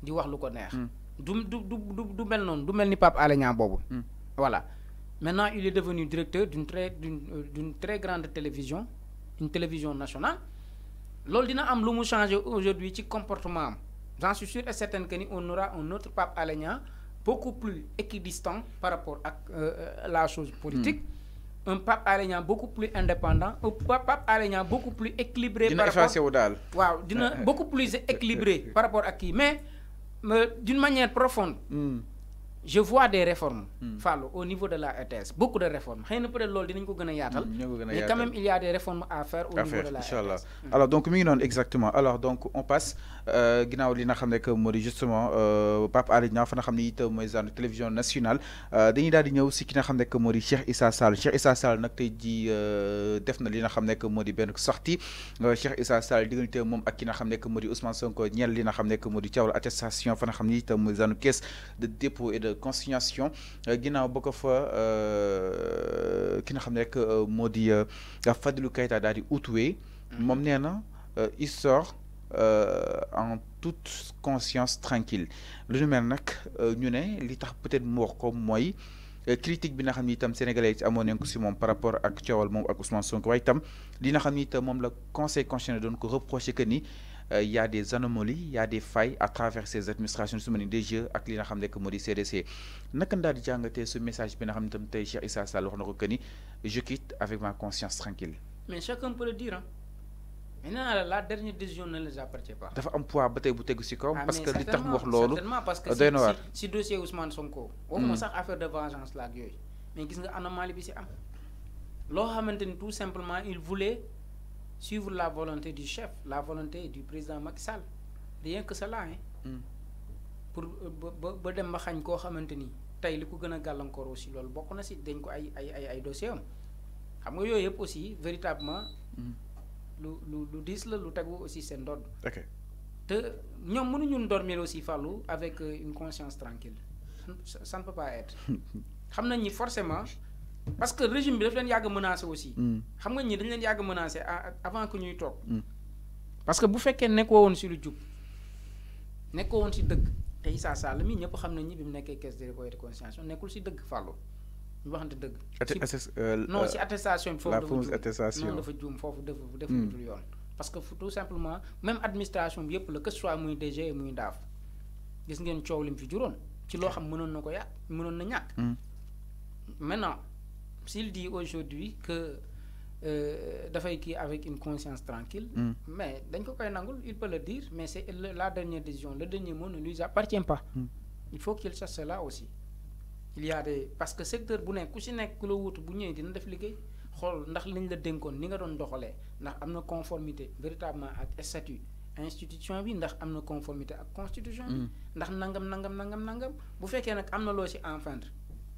di wax ko neex. Mm. du du du mel Pape mm. voilà maintenant il est devenu directeur d'une très d'une euh, très grande télévision une télévision nationale lol dina am aujourd'hui ci comportement j'en suis sûr et certain que on aura un autre Pape Alé beaucoup plus équidistant par rapport à euh, euh, la chose politique. Mm. un Pape Alé beaucoup plus indépendant un Pape Alé beaucoup plus équilibré. par rapport à qui. beaucoup plus équilibré par rapport à qui mais mais d'une manière profonde. Hmm je vois des réformes. Hmm. Fallo au niveau de la RTS beaucoup de réformes xëy na peut-être loolu dinañ ko gën hmm, mais quand même il y a des réformes à faire au niveau de la RTS. Hmm. alors donc mi exactement alors donc on passe euh, ginnaaw li nga justement euh, Pape Alé Niang fa nga xam télévision nationale euh, dañuy daal di ñëw si ki nga xam ne Sal, Cheikh Issa Sal. Cheikh Issa Sall nag tey jii def na li nga xam ne moo di Cheikh Issa Sal, diggante moom ak ki nga Ousmane Sonko ñeel li nga xam ne moo attestation caisse de dépôt et de de consignation euh, ginnaaw ba fa euh ki nga xam ne rek euh, moo di euh, Fadilou Keïta daal di utuwee mhm. moom nee il sort euh, en toute conscience tranquille lu ñu mel nag ñu né li tax peut-être mu wax ko mooy critique bi nga xamni tam sénégalais ci amoon ko ci mom par rapport ak coowal mom ak Ousmane Sonko way tam li nga xamni tam mom la conseil constitutionnel doon ko reproché que ni euh, il y a des anomalies il y a des failles à travers ces administrations su des jeux ak li nga xam ne que CDC naka di ce message bi nga xam tam tay Cheikh Issa Sall wax na ko je quitte avec ma conscience tranquille mais chacun peut le dire hein maintenant la dernière décision ne les appartient pas. On un poids ba tey bu ah, parce que li tax mu wax Certainement, parce que si si dossier Ousmane Sonko. a hmm. sax affaire de vengeance Là, mais quest nga que bi c'est am loo xamante tout simplement il voulait suivre la volonté du chef, la volonté du président Macky Sall. Rien que cela. Hein. Hmm. Pour euh, ba ba dem ba xañ koo xamante ni tey li ko aussi loolu des na si dañ ko ay ay ay aussi véritablement. Hmm. lu lu lu diis lu aussi seen ndodd. ok te ñoom dormir aussi fàllu avec euh, une conscience tranquille ça ne peut pas être xam nañ ni forcément. parce que régime bi daf leen yàgg menacé aussi. Hmm. xam nga ñi dañ leen yàgg menacé avant que ñuy toog. Hmm. parce que bu fekkee nekkoo woon si lu jub nekkoo woon si dëgg te Issa Sall mi ñëpp xam nañ ñi bi mu nekkee caisse de dépôt de consignation nekkul si dëgg fàllu ñu waxante dëgg. Euh, non euh, si attestation bi. foofu dafa juum dafa juum foofu dafa dafa hmm. dul yoon. parce que tout simplement même administration bi yëpp la que ce soit muy DG muy ndaaf gis ngeen coow li lim fi juróon ci loo xam mënoon na ko yàq mënoon na ñàkk. maintenant. s'il dit aujourd'hui que euh, avec une conscience tranquille mm. mais il peut le dire mais c'est la dernière décision le dernier mot ne lui appartient pas mm. il faut qu'il sache cela aussi il y a des parce que secteur si véritablement à statut institution bi conformité constitution mm. nangam nangam nangam nangam bu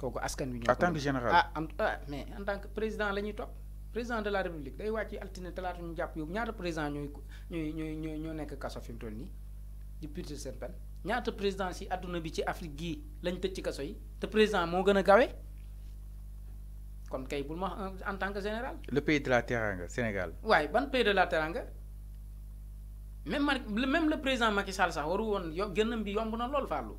kooku askan wi. en tant que général ah ah mais en tant que président la ñuy topp président de la république day wàcc altine talaata ñu jàpp yow ñaata président ñooy ñooy ñooy ñoo nekk kaso fi mu toll nii di purger seen ñaata président si àdduna bi ci Afrique gii lañ tëj ci kaso yi te président moo gën a gawe kon kay bul ma en tant que général. le pays de la teranga Sénégal. waaye ban pays de la teranga même même le président Macky Sall sax waru woon yo gënam bi yomb na lool Fallou.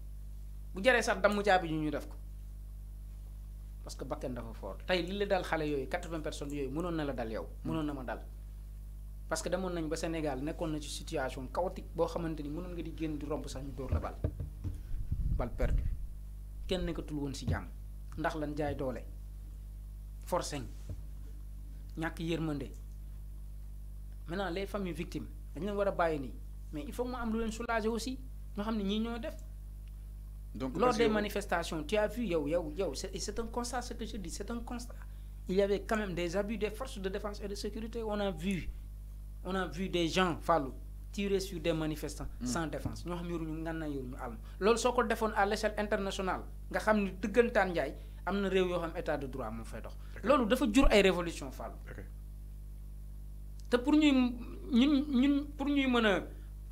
bu jaree sax damm caabi ñu ñu def ko parce que bakken dafa fort tey li la dal xale yooyu quatre-vingts personnes yooyu mënoon na la dal yow mënoon na ma dal parce que demoon nañ ba Sénégal nekkoon na ci situation chaotique boo xamante ni mënoon nga di génn di romb sax ñu dóor la bal bal perdu kenn nekkatul woon si jàmm ndax lan jaay doole forcing ñàkk yërmande naa les familles victimes dañ leen war a bàyyi nii mais il faut que am lu leen soulager aussi ñoo xam ne ñii ñoo def Lors des manifestations, tu as vu, c'est un constat ce que je dis, c'est un constat. Il y avait quand même des abus des forces de défense et de sécurité. On a vu, on a vu des gens, Fallou, tirer sur des manifestants hmm. sans défense. Nous avons Lors ce qu'on défend à l'échelle internationale, nous avons dit que amna état de droit mo fay dox lolu dafa de ay révolution fallu pour ñuy ñun pour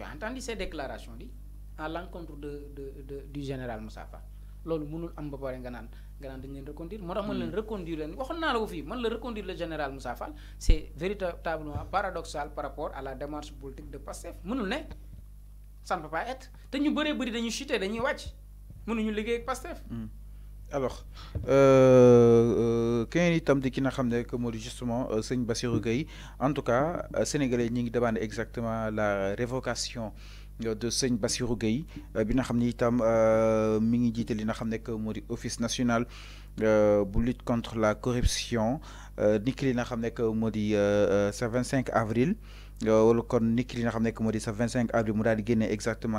tu as entendu ces déclarations dit à l'encontre de de de du général Moussa Fall loolu mënul am ba pare nga nan nga nan dañ leen reconduire moo tax le leen hmm. reconduire leen waxoon naa la ko fii man la reconduire le général Moussa Fall c' est véritablement paradoxal par rapport à la démarche politique de Pastef mënul ne ça ne peut pas être te ñu bëree bëri dañu chuter dañuy wàcc mënuñu liggéey ak Pastef hmm alors quand euh, euh, il di ki nga xam ne que moo justement euh, Seigne Bassirou mm. Gueye en tout cas sénégalais ñi ngi demandé exactement la révocation de Seigne Bassirou Gueye bi nga xam ne itam mi ngi jiite li nga xam que moo office national pour lutte contre la corruption ni ki n'a nga xam que moo di 25 avril Ou kon ni ki na nga xam ne que moo sa 25 avril mu daal di génne exactement.